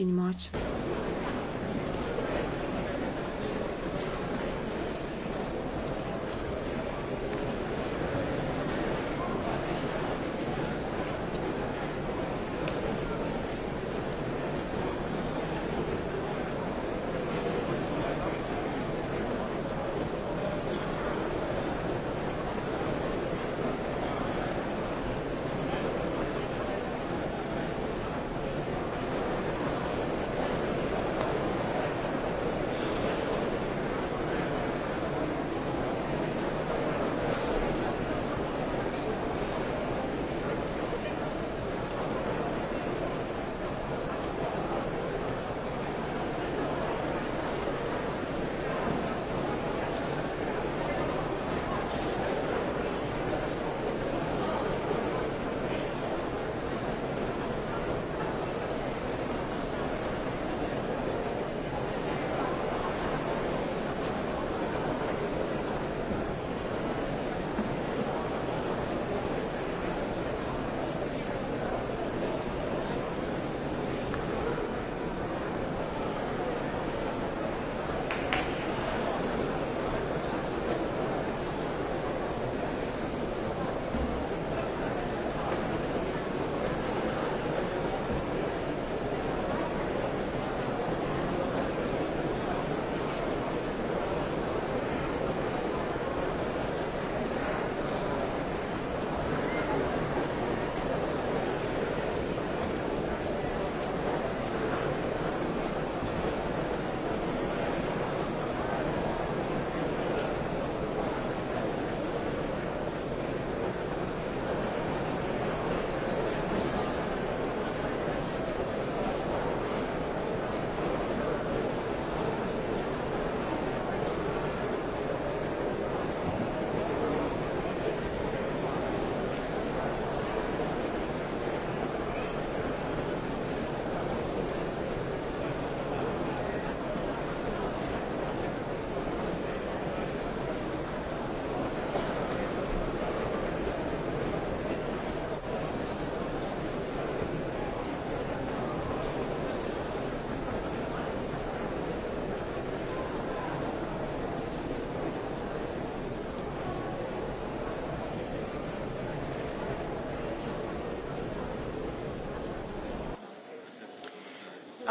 įsitikinimo. Ačiū.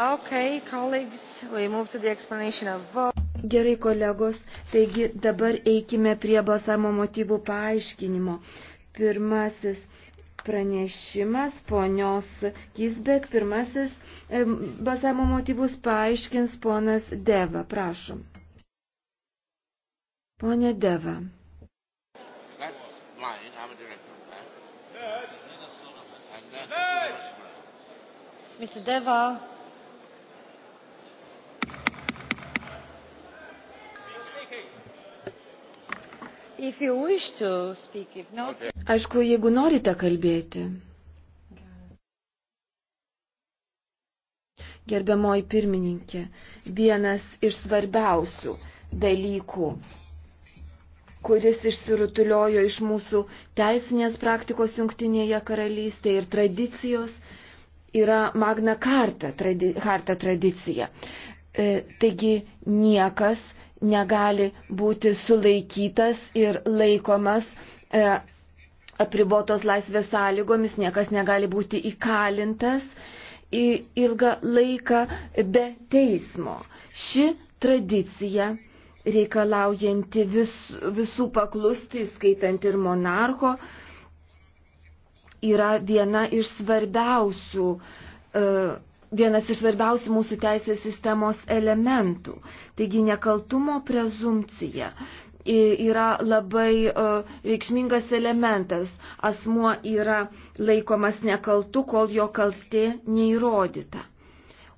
Okay, Gerai, kolegos, taigi dabar eikime prie balsavimo motyvų paaiškinimo. Pirmasis pranešimas, ponios Kisbek, pirmasis balsavimo motyvus paaiškins ponas Deva, prašom. Pone Deva. Mr. Deva. Speak, not... okay. Aišku, jeigu norite kalbėti. Gerbiamoji pirmininkė, vienas iš svarbiausių dalykų, kuris išsirutuliojo iš mūsų teisinės praktikos jungtinėje karalystėje ir tradicijos, yra Magna Carta, tradi, Carta tradicija. E, taigi niekas negali būti sulaikytas ir laikomas e, apribotos laisvės sąlygomis, niekas negali būti įkalintas į ilgą laiką be teismo. Ši tradicija reikalaujanti vis, visų paklusti, skaitant ir monarcho, yra viena iš svarbiausių uh, e, vienas iš svarbiausių mūsų teisės sistemos elementų. Taigi nekaltumo prezumcija yra labai e, reikšmingas elementas. Asmuo yra laikomas nekaltu, kol jo kaltė neįrodyta.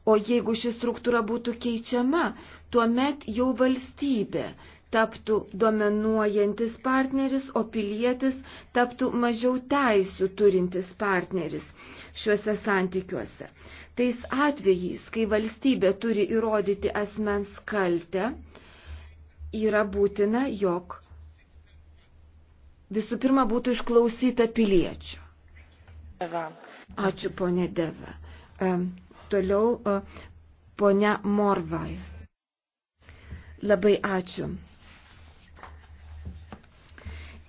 O jeigu ši struktūra būtų keičiama, tuomet jau valstybė taptų dominuojantis partneris, o pilietis taptų mažiau teisų turintis partneris šiuose santykiuose. Tais atvejais, kai valstybė turi įrodyti asmens kaltę, yra būtina, jog visų pirma būtų išklausyta piliečių. Ačiū, ponė Deve. Toliau, e, ponė Morvai. Labai ačiū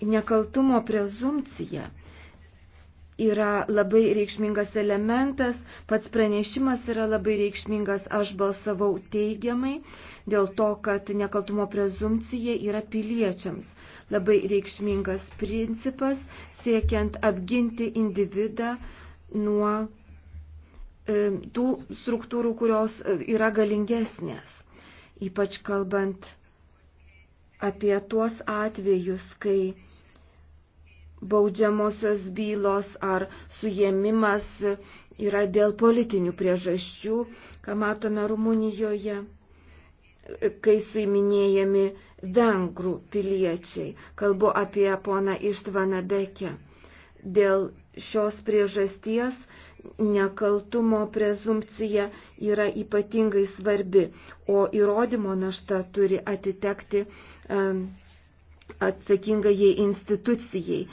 nekaltumo prezumcija yra labai reikšmingas elementas, pats pranešimas yra labai reikšmingas, aš balsavau teigiamai dėl to, kad nekaltumo prezumcija yra piliečiams labai reikšmingas principas, siekiant apginti individą nuo e, tų struktūrų, kurios e, yra galingesnės, ypač kalbant apie tuos atvejus, kai baudžiamosios bylos ar suėmimas yra dėl politinių priežasčių, ką matome Rumunijoje, kai suiminėjami vengrų piliečiai. Kalbu apie poną Ištvaną Bekę. Dėl šios priežasties nekaltumo prezumcija yra ypatingai svarbi, o įrodymo našta turi atitekti um, atsakingai institucijai,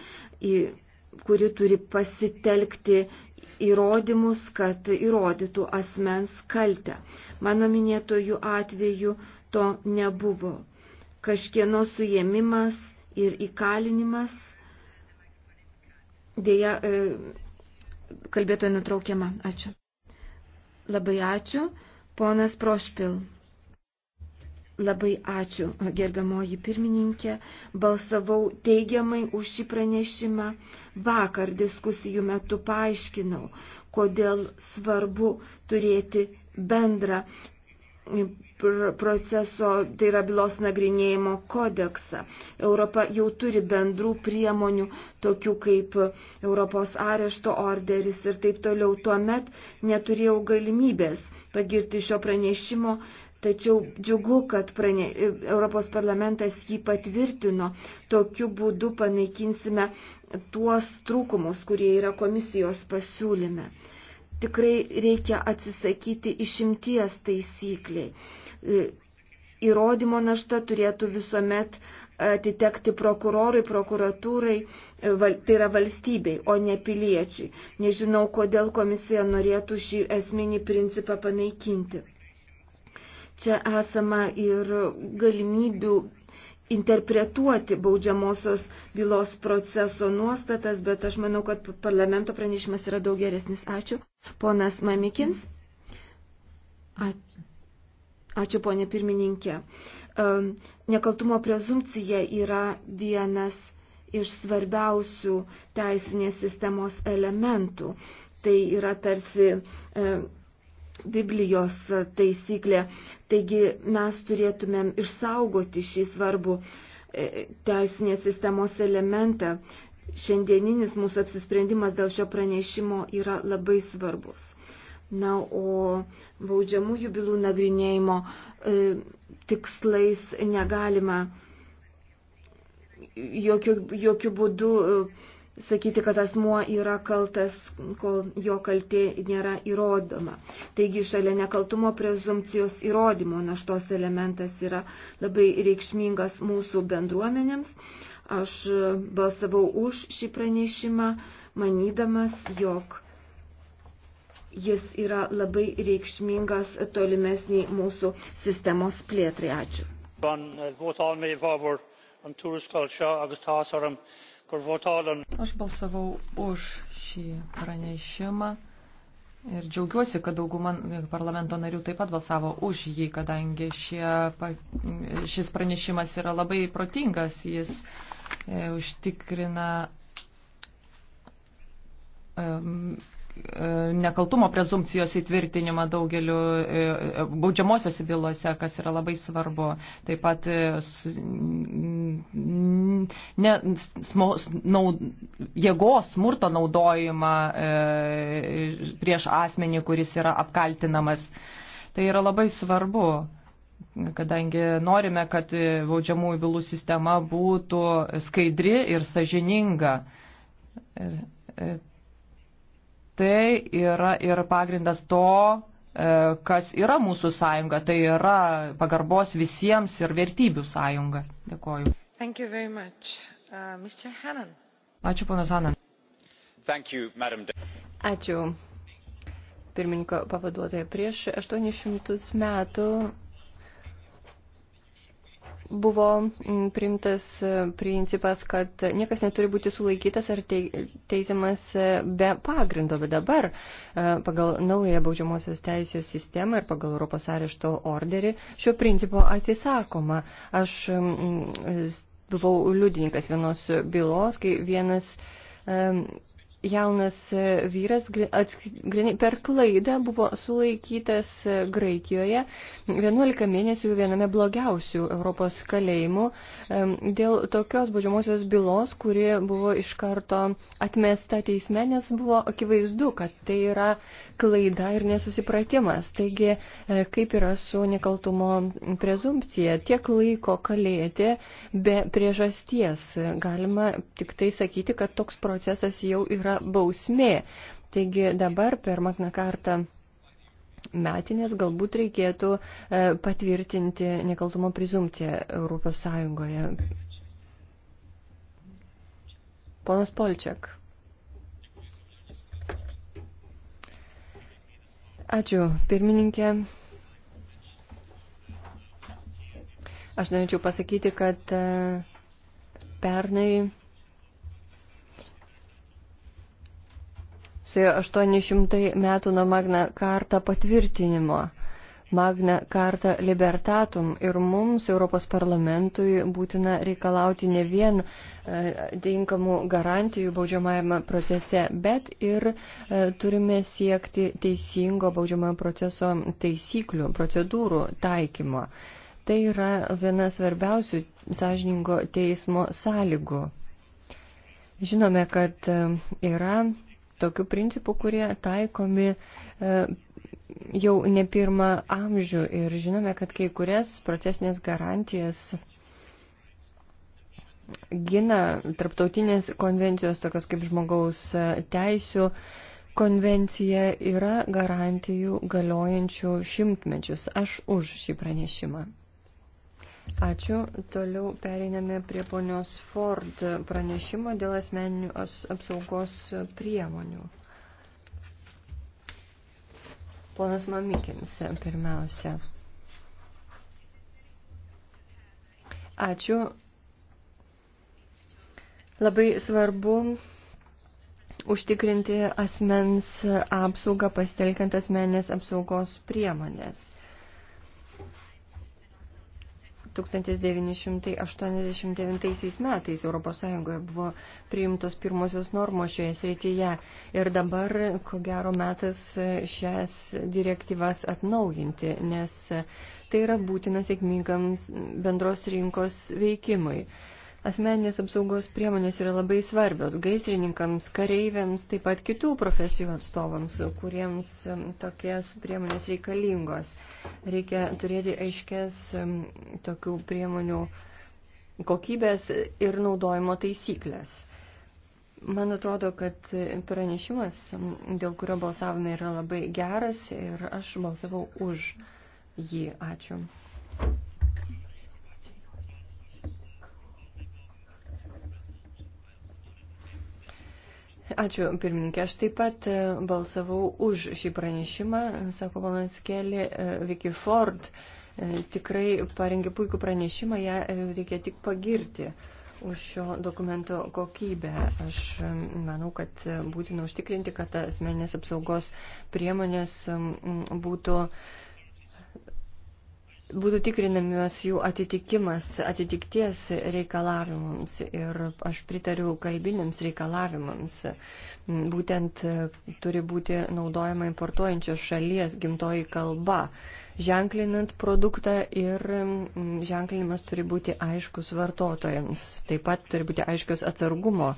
kuri turi pasitelkti įrodymus, kad įrodytų asmens kaltę. Mano minėtojų atveju to nebuvo. Kažkieno suėmimas ir įkalinimas dėja e, kalbėtoja nutraukiama. Ačiū. Labai ačiū. Ponas Prošpil. Labai ačiū, gerbiamoji pirmininkė. Balsavau teigiamai už šį pranešimą. Vakar diskusijų metu paaiškinau, kodėl svarbu turėti bendrą proceso, tai yra bylos nagrinėjimo kodeksą. Europa jau turi bendrų priemonių, tokių kaip Europos arešto orderis ir taip toliau. Tuomet neturėjau galimybės pagirti šio pranešimo, tačiau džiugu, kad prane, Europos parlamentas jį patvirtino. Tokiu būdu panaikinsime tuos trūkumus, kurie yra komisijos pasiūlyme. Tikrai reikia atsisakyti išimties taisykliai Įrodymo našta turėtų visuomet atitekti prokurorui, prokuratūrai, tai yra valstybei, o ne piliečiui. Nežinau, kodėl komisija norėtų šį esminį principą panaikinti. Čia esama ir galimybių interpretuoti baudžiamosios bylos proceso nuostatas, bet aš manau, kad parlamento pranešimas yra daug geresnis. Ačiū. Ponas Mamikins. Ačiū. Ačiū, ponė pirmininkė. Nekaltumo prezumcija yra vienas iš svarbiausių teisinės sistemos elementų. Tai yra tarsi Biblijos taisyklė. Taigi mes turėtumėm išsaugoti šį svarbų e, teisinės sistemos elementą. Šiandieninis mūsų apsisprendimas dėl šio pranešimo yra labai svarbus. Na, o baudžiamųjų bylų nagrinėjimo e, tikslais negalima jokių, jokių būdų e, sakyti, kad asmuo yra kaltas, kol jo kaltė nėra įrodoma. Taigi šalia nekaltumo prezumcijos įrodymo naštos elementas yra labai reikšmingas mūsų bendruomenėms. Aš e, balsavau už šį pranešimą, manydamas, jog jis yra labai reikšmingas tolimesniai mūsų sistemos plėtrai. Ačiū. Eh, Aš balsavau už šį pranešimą ir džiaugiuosi, kad dauguma parlamento narių taip pat balsavo už jį, kadangi šie, šis pranešimas yra labai protingas, jis e, užtikrina e, E, nekaltumo prezumcijos įtvirtinimą daugeliu e, e, baudžiamosiose bylose, kas yra labai svarbu. Taip pat ne, smo, nau, jėgos smurto naudojimą prieš asmenį, kuris yra apkaltinamas. Tai yra labai svarbu kadangi norime, kad baudžiamųjų bylų sistema būtų skaidri ir sažininga. Ir tai yra ir pagrindas to, e, kas yra mūsų sąjunga, tai yra pagarbos visiems ir vertybių sąjunga. Dėkoju. Uh, Ačiū, ponas Hanan. Ačiū. Pirmininko pavaduotoja, prieš 800 metų buvo mm, priimtas e, principas, kad niekas neturi būti sulaikytas ar teisiamas e, be pagrindo, bet dabar e, pagal naują baudžiamosios teisės sistemą ir pagal Europos arešto orderį šio principo atsisakoma. Aš mm, buvau liudininkas vienos bylos, kai vienas jaunas e, vyras per klaidą buvo sulaikytas e, Graikijoje 11 mėnesių viename blogiausių Europos kalėjimų dėl tokios baudžiamosios bylos, kuri buvo iš karto atmesta teisme, nes buvo akivaizdu, kad tai yra klaida ir nesusipratimas. Taigi, e, kaip yra su nekaltumo prezumpcija, tiek laiko kalėti be priežasties. Galima tik tai sakyti, kad toks procesas jau yra yra bausmė. Taigi dabar per Magna Kartą metinės galbūt reikėtų e, patvirtinti nekaltumo prezumciją Europos Sąjungoje. Ponas Polčiak. Ačiū, pirmininkė. Aš norėčiau pasakyti, kad e, pernai suėjo 800 metų nuo Magna Karta patvirtinimo. Magna Karta Libertatum ir mums, Europos parlamentui, būtina reikalauti ne vien e, tinkamų garantijų baudžiamajame procese, bet ir e, turime siekti teisingo baudžiamojo proceso taisyklių, procedūrų taikymo. Tai yra viena svarbiausių sąžiningo teismo sąlygų. Žinome, kad e, yra tokių principų, kurie taikomi e, jau ne pirmą amžių ir žinome, kad kai kurias procesinės garantijas gina tarptautinės konvencijos, tokios kaip žmogaus teisų konvencija, yra garantijų galiojančių šimtmečius. Aš už šį pranešimą. Ačiū. Toliau pereiname prie ponios Ford pranešimo dėl asmeninių apsaugos priemonių. Ponas Mamikins pirmiausia. Ačiū. Labai svarbu užtikrinti asmens apsaugą pasitelkiant asmenės apsaugos priemonės. 1989 metais ES buvo priimtos pirmosios normos šioje srityje ir dabar, ko gero, metas šias direktyvas atnaujinti, nes tai yra būtina sėkmingams bendros rinkos veikimui. Asmeninės apsaugos priemonės yra labai svarbios gaisrininkams, kareiviams, taip pat kitų profesijų atstovams, kuriems tokios priemonės reikalingos. Reikia turėti aiškės tokių priemonių kokybės ir naudojimo taisyklės. Man atrodo, kad pranešimas, dėl kurio balsavome, yra labai geras ir aš balsavau už jį. Ačiū. Ačiū, pirmininkė. Aš taip pat e, balsavau už šį pranešimą, sako ponas Kelly, e, Vicky Ford. E, tikrai parengė puikų pranešimą, ją reikia tik pagirti už šio dokumento kokybę. Aš manau, kad būtina užtikrinti, kad asmenės apsaugos priemonės būtų uh, būtų tikrinamas jų atitikimas, atitikties reikalavimams ir aš pritariu kalbinėms reikalavimams. Būtent e, turi būti naudojama importuojančios šalies gimtoji kalba. Ženklinant produktą ir ženklinimas turi būti aiškus vartotojams. Taip pat turi būti aiškios atsargumo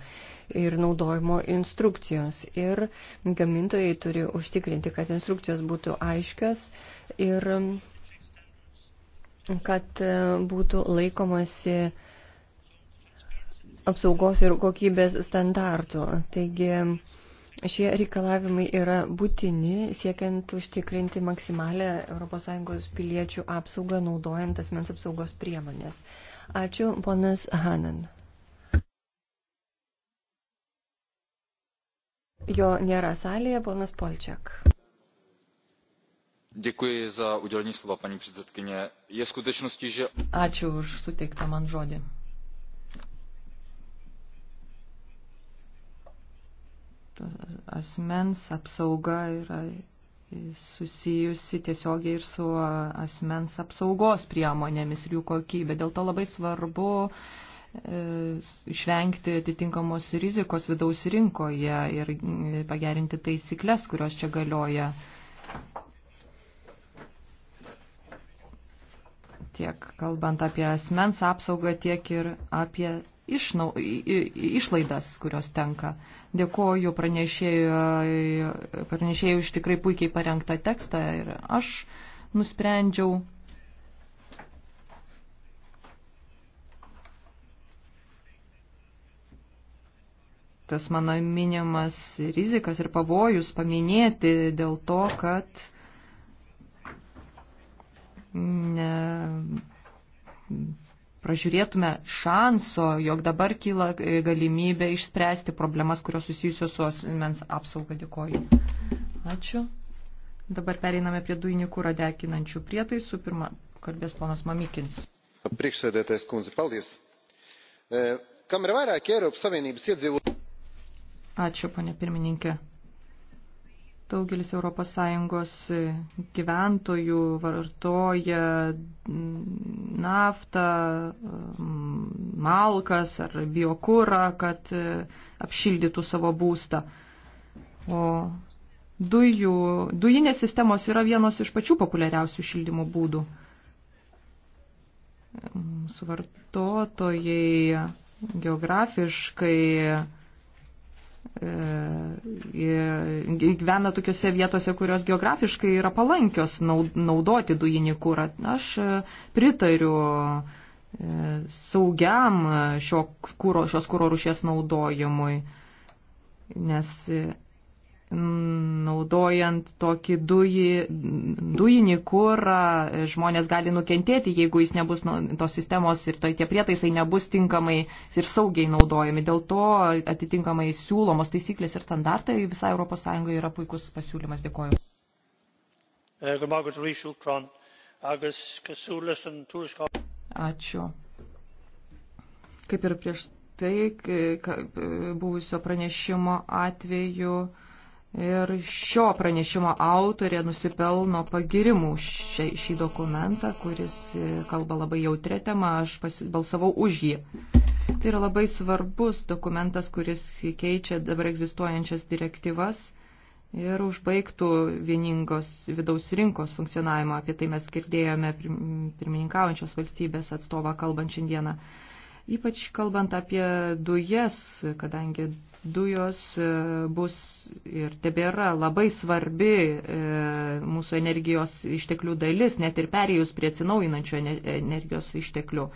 ir naudojimo instrukcijos. Ir gamintojai turi užtikrinti, kad instrukcijos būtų aiškios ir kad e, būtų laikomasi apsaugos ir kokybės standartų. Taigi šie reikalavimai yra būtini siekiant užtikrinti maksimalę ES piliečių apsaugą naudojant asmens apsaugos priemonės. Ačiū, ponas Hanan. Jo nėra salėje, ponas Polčiak paní předsedající je skutečností že. ačiū už suteiktą man žodį. asmens apsauga yra susijusi tiesiogiai ir su asmens apsaugos priemonėmis ir jų kokybė. Dėl to labai svarbu e, išvengti atitinkamos rizikos vidaus rinkoje ir e, pagerinti taisyklės, kurios čia galioja tiek kalbant apie asmens apsaugą, tiek ir apie išnau, išlaidas, kurios tenka. Dėkuoju pranešėjui už tikrai puikiai parengtą tekstą ir aš nusprendžiau tas mano minimas rizikas ir pavojus paminėti dėl to, kad ne, pražiūrėtume šanso, jog dabar kyla galimybė išspręsti problemas, kurios susijusios su asmens apsauga. Dėkoju. Ačiū. Dabar pereiname prie dujinių kūro dekinančių prietaisų. Pirma, kalbės ponas Mamikins. Priekšsėdėtais kunzi, paldies. E, Kam ir vairāk Eiropas Savienības iedzīvotāji. Ačiū, ponė pirmininkė. Daugelis ES gyventojų vartoja mm, naftą, mm, malkas ar biokūrą, kad e, apšildytų savo būstą. O dujų, dujinės sistemos yra vienos iš pačių populiariausių šildymo būdų. Mūsų vartotojai geografiškai gyvena tokiuose vietose, kurios geografiškai yra palankios naudoti dujinį kūrą. Aš e, pritariu e, saugiam šio kūro, šios kūro rušies naudojimui, nes e, naudojant tokį dujį, dujinį kurą, žmonės gali nukentėti, jeigu jis nebus nu, tos sistemos ir to, tai tie prietaisai nebus tinkamai ir saugiai naudojami. Dėl to atitinkamai siūlomos taisyklės ir standartai visai ES yra puikus pasiūlymas. Dėkoju. Eh, Ačiū. Kaip ir prieš tai, buvusio pranešimo atveju, Ir šio pranešimo autorė nusipelno pagirimų šį, šį dokumentą, kuris e, kalba labai jautrė tema, aš balsavau už jį. Tai yra labai svarbus dokumentas, kuris keičia dabar egzistuojančias direktyvas ir užbaigtų vieningos vidaus rinkos funkcionavimo. Apie tai mes girdėjome pirmininkaujančios valstybės atstovą kalbant šiandieną. Ypač kalbant apie dujas, kadangi dujos e, bus ir tebėra labai svarbi e, mūsų energijos išteklių dalis, net ir perėjus prie atsinaujinančio energijos išteklių.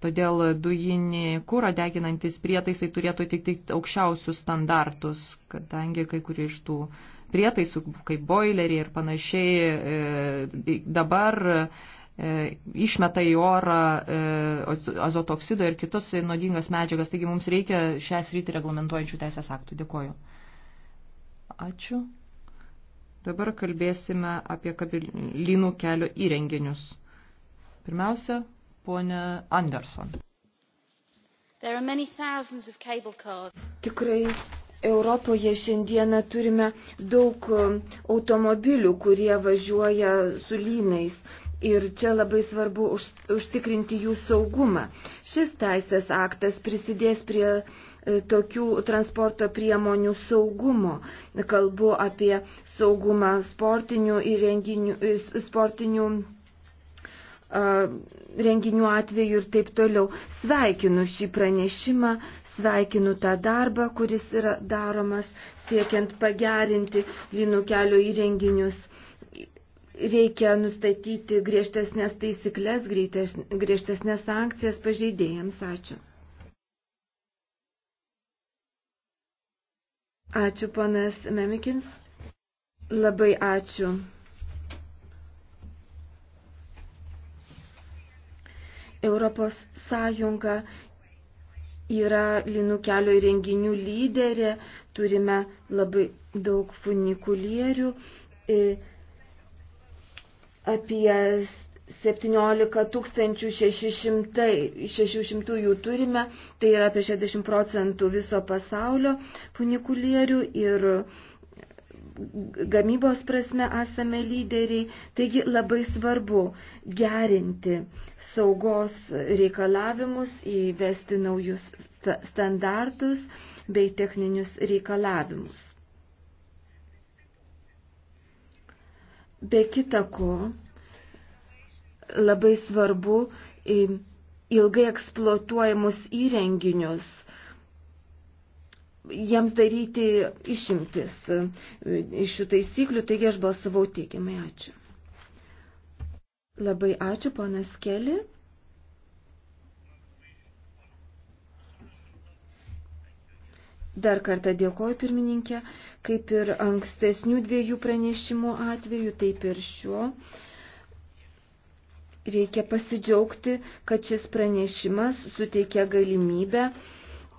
Todėl dujinį kūrą deginantis prietaisai turėtų atitikti aukščiausius standartus, kadangi kai kurie iš tų prietaisų, kaip boileriai ir panašiai, e, dabar E, išmeta į orą e, azotoksido ir kitus nuodingas medžiagas. Taigi mums reikia šią sritį reglamentuojančių teisės aktų. Dėkoju. Ačiū. Dabar kalbėsime apie kabelinų kelio įrenginius. Pirmiausia, ponė Anderson. Tikrai Europoje šiandieną turime daug um, automobilių, kurie važiuoja su lynais Ir čia labai svarbu už, užtikrinti jų saugumą. Šis teisės aktas prisidės prie e, tokių transporto priemonių saugumo. Kalbu apie saugumą sportinių įrenginių, e, sportinių renginių atveju ir taip toliau. Sveikinu šį pranešimą, sveikinu tą darbą, kuris yra daromas siekiant pagerinti linų kelio įrenginius Reikia nustatyti griežtesnės taisyklės, griežtesnės sankcijas pažeidėjams. Ačiū. Ačiū, ponas Memikins. Labai ačiū. Europos Sąjunga yra linų kelio įrenginių lyderė, turime labai daug funikulierių. Ir e, apie 17 600, 600 jų turime, tai yra apie 60 procentų viso pasaulio funikulierių ir gamybos prasme esame lyderiai, taigi labai svarbu gerinti saugos reikalavimus, įvesti naujus standartus bei techninius reikalavimus. Be kita ko, labai svarbu ilgai eksploatuojamus įrenginius jiems daryti išimtis e, iš šių taisyklių, taigi aš balsavau teigiamai. Ačiū. Labai ačiū, ponas Keli. Dar kartą dėkoju pirmininkė, kaip ir ankstesnių dviejų pranešimų atveju, taip ir šiuo. Reikia pasidžiaugti, kad šis pranešimas suteikia galimybę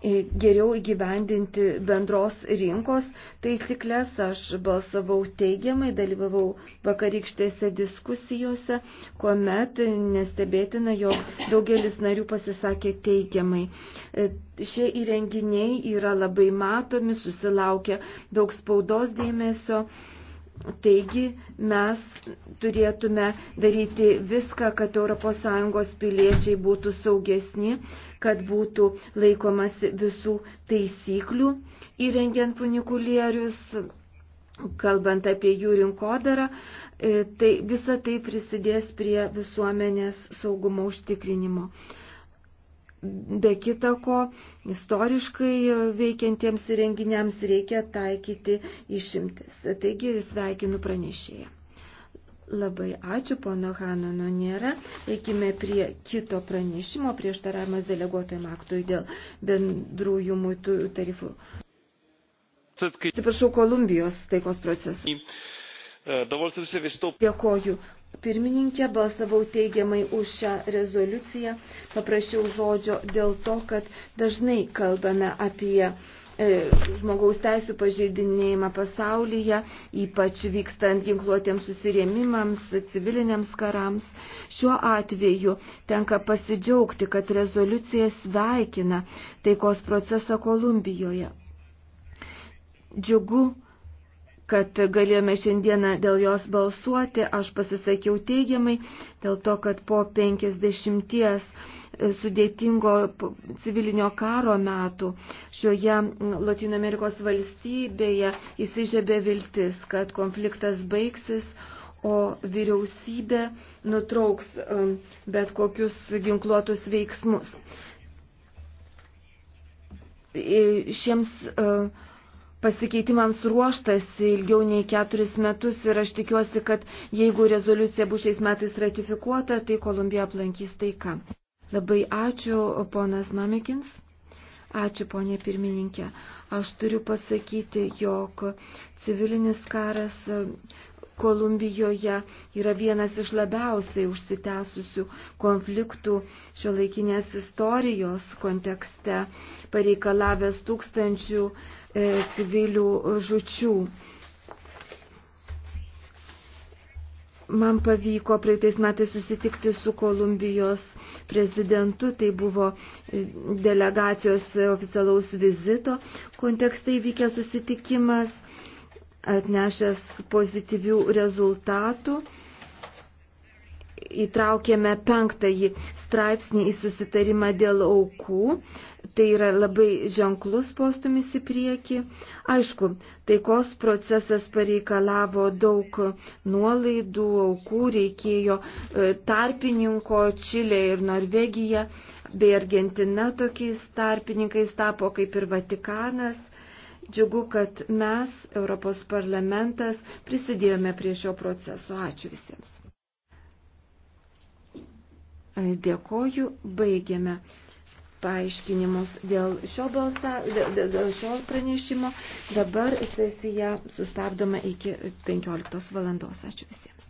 geriau įgyvendinti bendros rinkos taisyklės. Aš balsavau teigiamai, dalyvavau vakarykštėse diskusijose, kuomet nestebėtina, jog daugelis narių pasisakė teigiamai. E, šie įrenginiai yra labai matomi, susilaukia daug spaudos dėmesio. Taigi mes turėtume daryti viską, kad ES piliečiai būtų saugesni, kad būtų laikomasi visų taisyklių įrengiant funikulierius, kalbant apie jų rinkodarą, e, tai visa tai prisidės prie visuomenės saugumo užtikrinimo. Be kita ko, istoriškai veikiantiems renginiams reikia taikyti išimtis. Taigi sveikinu pranešėją. Labai ačiū, pono Hanano nu nėra. Eikime prie kito pranešimo, prieštaravimas deleguotojim aktui dėl bendrųjų muitų tarifų. Atsiprašau, Kolumbijos taikos procesą. Dėkoju pirmininkė, balsavau teigiamai už šią rezoliuciją, paprašiau žodžio dėl to, kad dažnai kalbame apie e, žmogaus teisų pažeidinėjimą pasaulyje, ypač vykstant ginkluotėms susirėmimams, civiliniams karams. Šiuo atveju tenka pasidžiaugti, kad rezoliucija sveikina taikos procesą Kolumbijoje. Džiugu, kad galėjome šiandieną dėl jos balsuoti. Aš pasisakiau teigiamai dėl to, kad po 50 e, sudėtingo civilinio karo metų šioje Latino Amerikos valstybėje įsižiebė viltis, kad konfliktas baigsis, o vyriausybė nutrauks bet kokius ginkluotus veiksmus. E, šiems uh, pasikeitimams ruoštasi ilgiau nei keturis metus ir aš tikiuosi, kad jeigu rezoliucija bus šiais metais ratifikuota, tai Kolumbija aplankys taika. Labai ačiū, ponas Mamikins. Ačiū, ponė pirmininkė. Aš turiu pasakyti, jog civilinis karas Kolumbijoje yra vienas iš labiausiai užsitęsusių konfliktų šio laikinės istorijos kontekste, pareikalavęs tūkstančių e, civilių žučių. Man pavyko praeitais metais susitikti su Kolumbijos prezidentu, tai buvo e, delegacijos oficialaus vizito kontekstai vykęs susitikimas atnešęs pozityvių rezultatų. Įtraukėme penktąjį straipsnį į susitarimą dėl aukų. Tai yra labai ženklus postumis į priekį. Aišku, taikos procesas pareikalavo daug nuolaidų, aukų, reikėjo e, tarpininko Čilė ir Norvegija, bei Argentina tokiais tarpininkais tapo kaip ir Vatikanas Džiugu, kad mes, Europos parlamentas, prisidėjome prie šio proceso. Ačiū visiems. Dėkoju, baigiame paaiškinimus dėl šio, balsa, dėl, dėl šio pranešimo. Dabar sesiją sustabdome iki 15 valandos. Ačiū visiems.